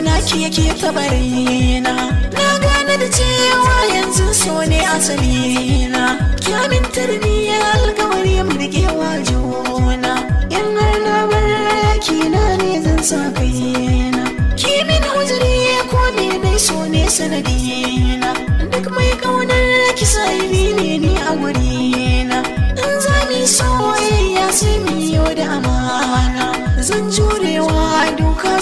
na ki yake tabarina na gane da cewa yanzu so ne asalina Kyamin ki amintar ya alkawari mu rike wa juna in har na bar na ne zan sa kai ki min uzuri ko me dai so ne sanadina duk mai kaunar ki sai ne a wuri na in za mu soyayya sai mu yi da amana zan jurewa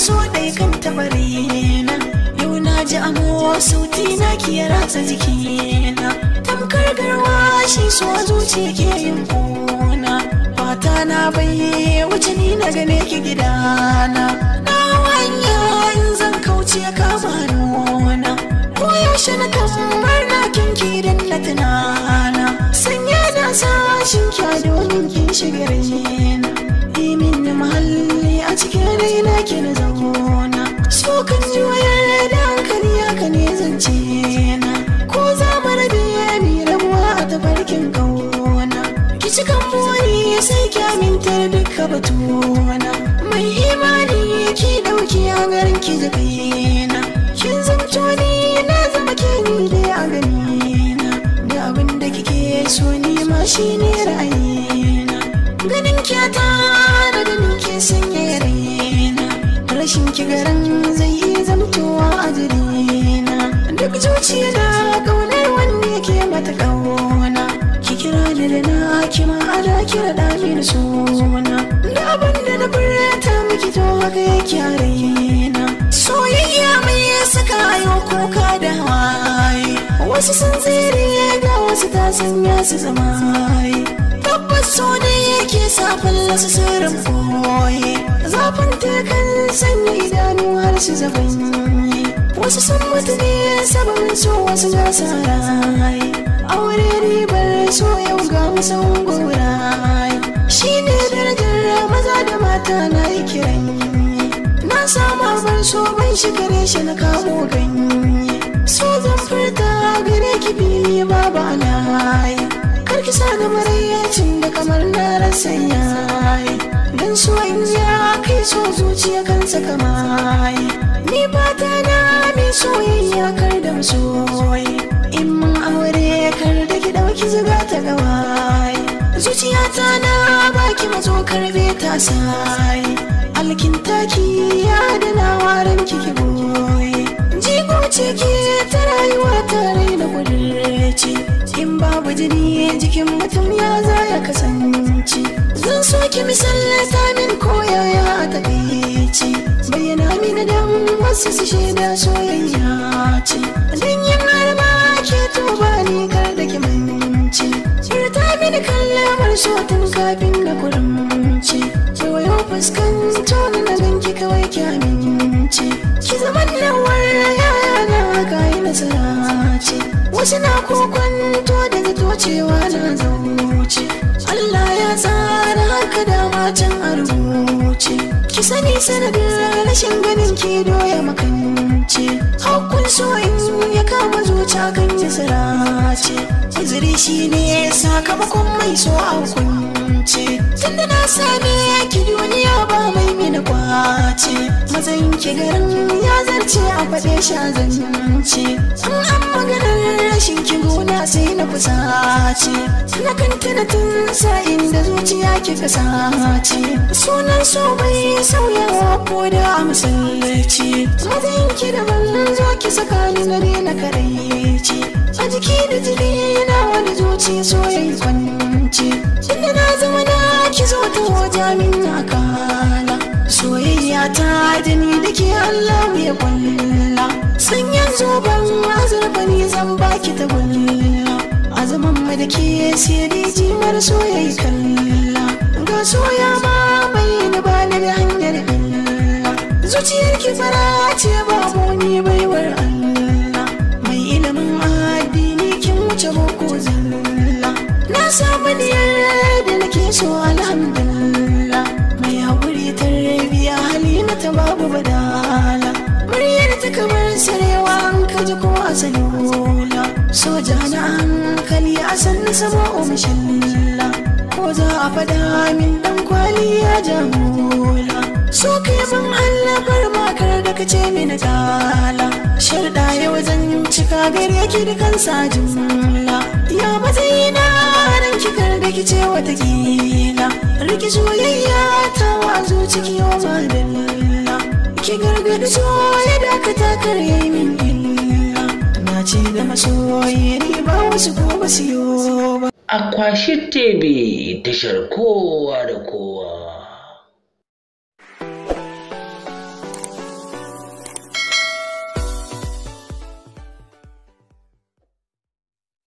taso ɗai kan tabarina yau na ji amowa. sauti na ya ratsa jikina tamkar garwashi so zuci ke yin kuna fata na baye wuce ni na gane ki gidana na hanya zan kauce kama nuna ko yaushe na kamar na kinki na tunana sanya na sashin kya domin kin shigar jina ki min muhalli a cikin raina ki na zauna so kan ji wayar da hankali haka ne zance na ko za mu rabe mi rabuwa a tafarkin kauna ki cikan buri sai ki amintar duka batuna mai imani ki dauki a garin ki da kin zamto ni na zama ke ni dai a gani na da abin da kike so ni ma shine ra'ayi ganin kyata da ganin ke sanya na. rashin ki zai yi zamtowa a jirina duk zuciya da kaunar wanne ke mata kauna ki kira ni da na kima kira da ni suna da abin da na furta miki to haka yake a raina soyayya mai saka yau kuka da hawaye wasu sun tsere ga wasu ta sanya su zama so ne yake sa fallasa sirrin koyi zafin takan sanya idanu har su zabanyi wasu sun mutu ne sabon so wasu na sarai aure ribar so yau ga musan gorai shi ne darajar maza da mata na yi kiran na sama bar so ban shigare shi na kamo ganye so zan furta gare ki fili babu ki sani marayyacin da kamar na dan don soyayya kai so zuciya kansa kamai ni fata na mai soyayya kar da soyi in mun aure kar da ki dauki zuga ta gawai zuciyata na baki mazo karbe ta sai alkin taki ya da na warin kiki boye jigo ciki ta rayuwa ta raina kudurci bijiri jikin mutum ya za ya kasance zan soke misallata min koyaya a takaici bayyana mini dan wasu su shaida soyayya ce don yin marma ke tuba ni kar da ki manci ta mini kallamar so tun kafin na kurumci kewayo fuskanta na ganki kawai ki aminci ki zaman nawar yana ga yi nasara ce wasu na kokwanto da zato na zauce Allah ya tsara haka da matan a ki sani sanadin rashin ganin ki doya makance hakkun so in ya kama zuciya kan ya sarace iziri shi ne sakamakon mai so a hukunci zalunci tunda na same ki duniya ba mai mini kwace mazan ki garin ya zarce a faɗe shi a zalunci an an maganar rashin ki gona sai na fusace na kanta da tun sa'in da zuciya ki kasace sunan so bai sauyawa ko da a masallaci ki da ban zo ki tsakanin na daina karaici a jiki da jini na wani zuci so yayi kwanci zo tuwo jamin na kala soyayya ta da ni da ke Allah ya kulla sun yanzu ban azurfa ni zan baki ta kulla a zaman da ke sai jimar soyayya kalla ga soya ma bai ni ba ni da hanyar Allah zuciyar ki fara ce ba mu ni baiwar Allah mai ilimin addini kin wuce boko zalla na sa niyar da nake so alhamdulillah mai haƙuri tarbiya halima ta babu badala muryar ta kamar sarewa an kaji kuma a salula soja na hankali a sannu sama umshilla ko za a faɗa min dan kwali ya jamula so kai ban allah bar makar da kace mini tala sharda ya wajen a gare ki da kansa jimla ya matsayi na ran kikar da ki ce gina riki soyayya ta wazo ciki yau da lalla ki gargadi soya da ka takar yayi min illa na ce da masoyi ba wasu ko ba su yi ba a kwashi tebe tashar kowa da kowa